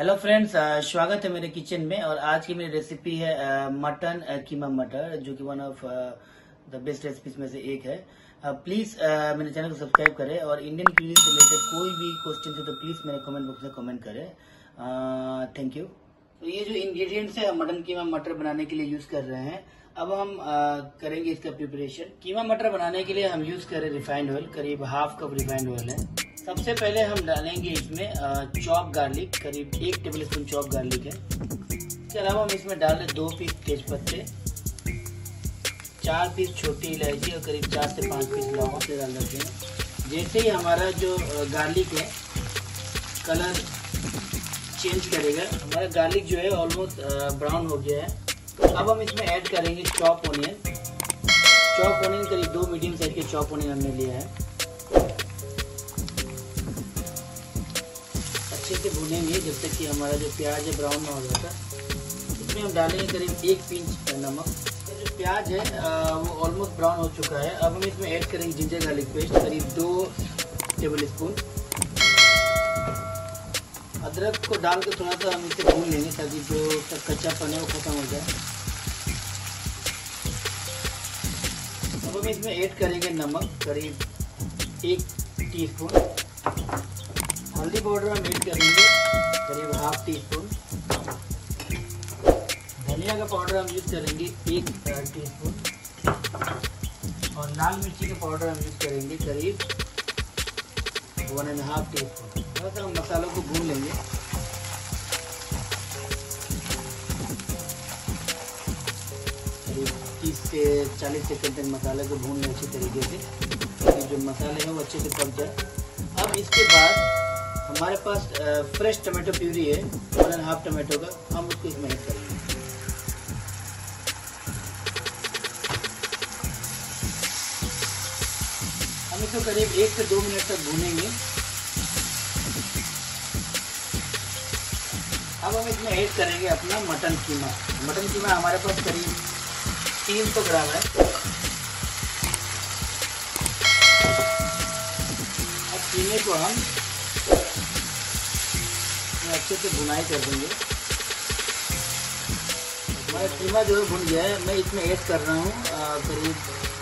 hello friends uh, स्वागत है मेरे किचन में और आज की मेरी रेसिपी है मटन कीमा मटर जो कि one of the best recipes में से एक है प्लीज uh, uh, मेरे चैनल को सब्सक्राइब करें और इंडियन क्यूजिन से रिलेटेड कोई भी क्वेश्चन है तो प्लीज मेरे कमेंट बॉक्स में कमेंट करें थैंक यू तो ये जो इंग्रेडिएंट्स है मटन कीमा मटर बनाने के लिए यूज कर रहे हैं अब हम आ, करेंगे इसका प्रिपरेशन कीमा मटर बनाने के लिए हम यूज करें रिफाइंड ऑयल करीब हाफ कप रिफाइंड ऑयल है सबसे पहले हम डालेंगे इसमें चॉप गार्लिक करीब एक टेबल स्पून चॉप गार्लिक है इसके अलावा हम इसमें डाल रहे दो पीस तेज पत्ते चार पीस छोटी इलायची और करीब चार से पाँच पीस लौंग से डाल देते हैं जैसे ही हमारा जो गार्लिक है कलर चेंज करेगा हमारा गार्लिक जो है ऑलमोस्ट ब्राउन हो गया है अब हम इसमें ऐड करेंगे चॉप ओनियन चॉप ओनियन करीब दो मीडियम साइज के चॉप ओनियन हमने लिया है अच्छे से भुनेंगे जब तक कि हमारा जो प्याज है ब्राउन ना हो जाता इसमें हम डालेंगे करीब एक पिंच नमक जो प्याज है वो ऑलमोस्ट ब्राउन हो चुका है अब हम इसमें ऐड करेंगे जिंजर गार्लिक पेस्ट करीब दो टेबल स्पून अदरक को डाल के थोड़ा सा हम इसे भून लेंगे ताकि जो तक कच्चा पन है वो खत्म हो जाए अब हम इसमें ऐड करेंगे नमक करीब एक टीस्पून हल्दी पाउडर हम ऐड करेंगे करीब हाफ टी स्पून धनिया का पाउडर हम यूज़ करेंगे एक टी स्पून और लाल मिर्ची का पाउडर हम यूज़ करेंगे करीब one and half teaspoon थोड़ा सा हम मसालों को भून लेंगे तीस से चालीस सेकेंड तक मसाले को भून लें अच्छे तरीके से जो मसाले हैं वो अच्छे से पक जाए अब इसके बाद हमारे पास फ्रेश टमाटो प्यूरी है वन एंड हाफ टमाटो का हम उसको इसमें ऐड करेंगे हम इसको करीब एक से दो मिनट तक भूनेंगे अब हम इसमें ऐड करेंगे अपना मटन कीमा मटन कीमा हमारे पास करीब तीन सौ ग्राम है अब कीमे को हम इसमें अच्छे से भुनाई कर देंगे हमारा कीमा जो है भुन गया है मैं इसमें ऐड कर रहा हूँ करीब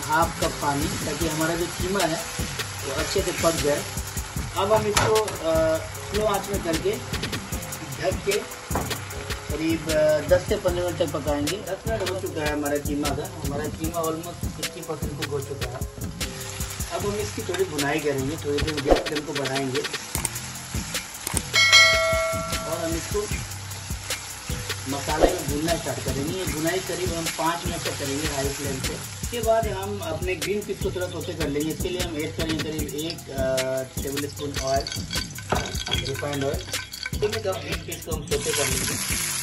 हाफ कप पानी ताकि हमारा जो कीमा है वो अच्छे से पक जाए अब हम इसको स्लो आँच में करके ढक के करीब 10 से 15 मिनट तक पकाएंगे 10 मिनट हो चुका है हमारा कीमा का हमारा कीमा ऑलमोस्ट फिफ्टी परसेंट को हो चुका है अब हम इसकी थोड़ी बुनाई करेंगे थोड़ी देर गैस फ्लेम को बढ़ाएंगे बुनना स्टार्ट करेंगे ये बुनाई करीब हम पाँच मिनट तक करेंगे हाई फ्लेम पे इसके बाद हम अपने ग्रीन पीस को थोड़ा सोते कर लेंगे इसके लिए हम ऐड करेंगे करीब एक tablespoon oil refined oil ठीक है ग्रीन पीस को हम सोते कर लेंगे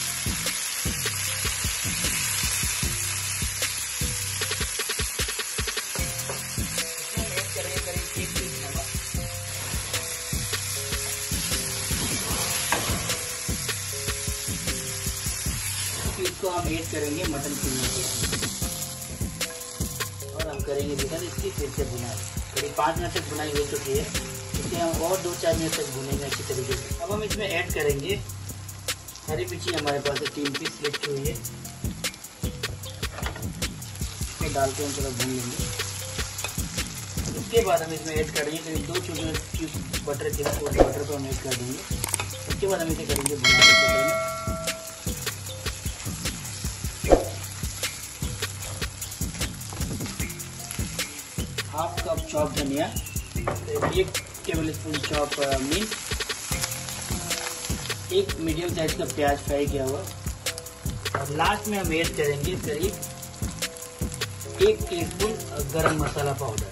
इसको हम ऐड करेंगे मटन के लिए और हम करेंगे बेटा इसकी फिर से बुनाई करीब पाँच मिनट तक बुनाई हो चुकी है इसे हम और दो चार मिनट तक भुनेंगे अच्छी तरीके से अब हम इसमें ऐड करेंगे हरी मिर्ची हमारे पास है तीन पीस लिखी हुई है इसमें डाल के हम थोड़ा भून लेंगे उसके बाद हम इसमें ऐड करेंगे करीब दो छोटे बटर के बटर को हम ऐड कर देंगे उसके बाद हम इसे करेंगे बुनाई चॉप धनिया तो uh, एक टेबल स्पून चॉप मिर्च एक मीडियम साइज का प्याज फ्राई किया हुआ और लास्ट में हम ऐड करेंगे करीब एक teaspoon garam masala powder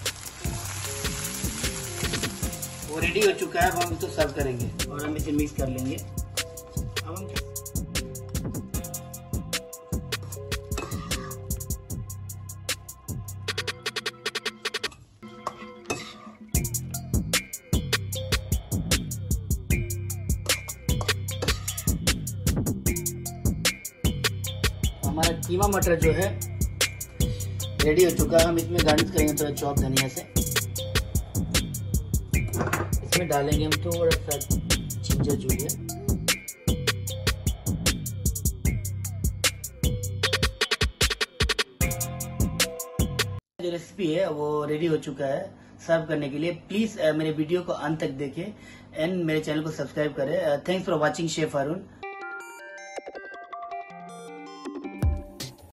वो रेडी हो चुका है अब हम इसको सर्व करेंगे और हम इसे मिक्स कर लेंगे अब हम कीमा मटर जो है रेडी हो चुका है हम इसमें गार्निश करेंगे थोड़ा चौक धनिया से इसमें डालेंगे हम थोड़ा सा जिंजर जूलिया जो रेसिपी है वो रेडी हो चुका है सर्व करने के लिए प्लीज uh, मेरे वीडियो को अंत तक देखें एंड मेरे चैनल को सब्सक्राइब करें thanks for watching chef Arun